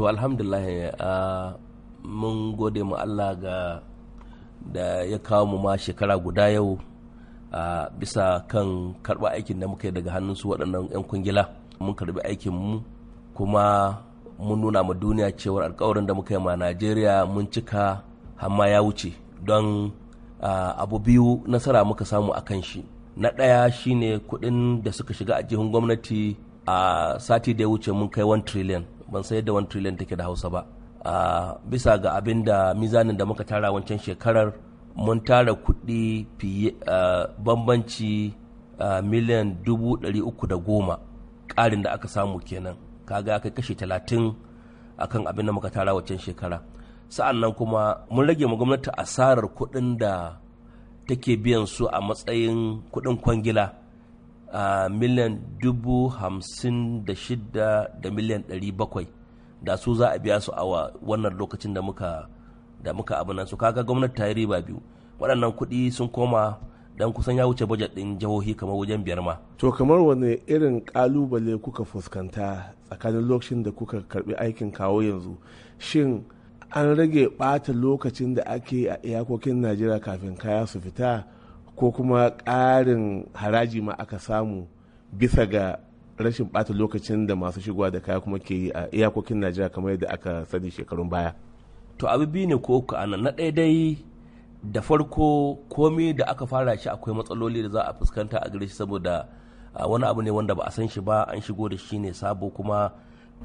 to alhamdulillah mun gode mu Allah ga da ya kawo mu ma shekara guda yau a bisa kan karba aikin da muka yi daga hannun su waɗannan 'yan kungila mun karbi aikin mu kuma mun nuna ma duniya cewar alkawarin da muka yi ma najeriya mun cika hamma ya wuce don abu biyu nasara muka samu a kan shi na ɗaya shine kuɗin da suka shiga a jihun gwamnati a sati da ya wuce mun kai 1 trillion ban sayar da 1 trillion take da hausa ba a bisa ga abin da mizanin da muka tara wancan shekarar mun tara kuɗi fiye a bambanci miliyan dubu ɗari uku da goma ƙarin da aka samu kenan kaga aka kashe talatin akan abin da muka tara wancan shekara sa'an nan kuma mun rage ma gwamnati asarar kuɗin da take biyan su a matsayin kuɗin kwangila miliyan dubu hamsin da shida da miliyan ɗari bakwai da su za a biya su a wannan lokacin da muka da muka nan su kaga gwamnati ta yi riba biyu waɗannan kuɗi sun koma dan kusan ya wuce bajet ɗin jihohi kamar wajen biyar ma. To kamar wane irin ƙalubale kuka fuskanta tsakanin lokacin da kuka karɓi aikin kawo yanzu shin an rage ɓata lokacin da ake a iyakokin Najeriya kafin kaya su fita ko kuma ƙarin haraji ma aka samu bisa ga rashin ɓata lokacin da masu shigowa da kaya kuma ke yi a iyakokin najeriya kamar yadda aka sani shekarun baya to abu biyu ne ko ka anan na ɗaya dai da farko komai da aka fara shi akwai matsaloli da za a fuskanta a gare shi saboda wani abu ne wanda ba a san shi ba an shigo da shi ne sabo kuma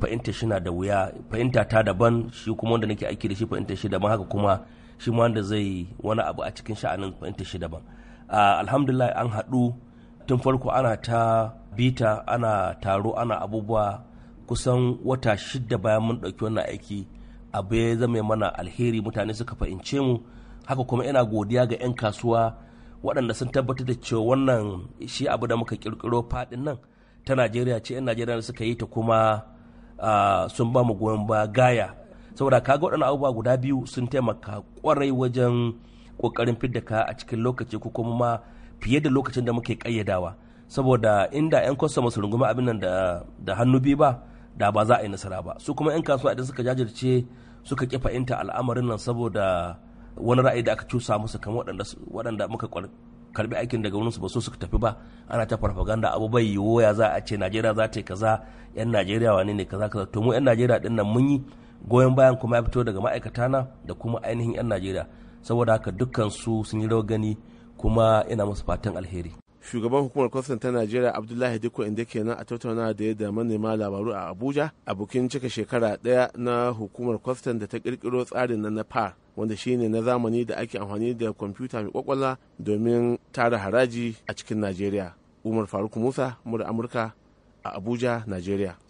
fahimta shi na da wuya fahimta ta daban shi kuma wanda nake aiki da shi fahimta shi daban haka kuma shi ma wanda zai wani abu a cikin sha'anin fahimta shi daban Ah, alhamdulillah an haɗu tun farko ana ta bita ana taro ana abubuwa kusan wata shidda bayan mun ɗauki wannan aiki abu ya zama mana alheri mutane suka fahimce mu haka kuma ina godiya ga 'yan kasuwa waɗanda sun tabbatar da cewa wannan shi abu da muka kirkiro faɗin nan ta najeriya ce 'yan najeriya suka yi ta kuma ah, sun ba mu goyon ba gaya saboda kaga waɗannan abubuwa guda biyu sun taimaka kwarai wajen kokarin fidda ka a cikin lokaci ko kuma ma fiye da lokacin da muke kayyadawa saboda inda 'yan kwasa masu runguma abin nan da hannu biyu ba da ba za a yi nasara ba su kuma 'yan kasuwa idan suka jajirce suka ƙi fahimta al'amarin nan saboda wani ra'ayi da aka cusa musu kamar waɗanda muka karbi aikin daga wurinsu ba su suka tafi ba ana ta farfaganda abu bai yiwu ya za a ce najeriya za ta yi kaza yan najeriya wane ne kaza kaza to mu yan najeriya din nan mun yi goyon bayan kuma ya fito daga ma'aikata na da kuma ainihin yan najeriya saboda haka dukkansu sun yi rawa gani kuma ina musu fatan alheri shugaban hukumar kwastan ta najeriya abdullahi diko inda kenan a tattauna da yadda manema labaru a abuja abokin cika shekara daya na hukumar kwastan da ta kirkiro tsarin na nepal wanda shine na zamani da ake amfani da kwamfuta mai kwakwalwa domin tara haraji a cikin najeriya umar faruk musa mura amurka a abuja najeriya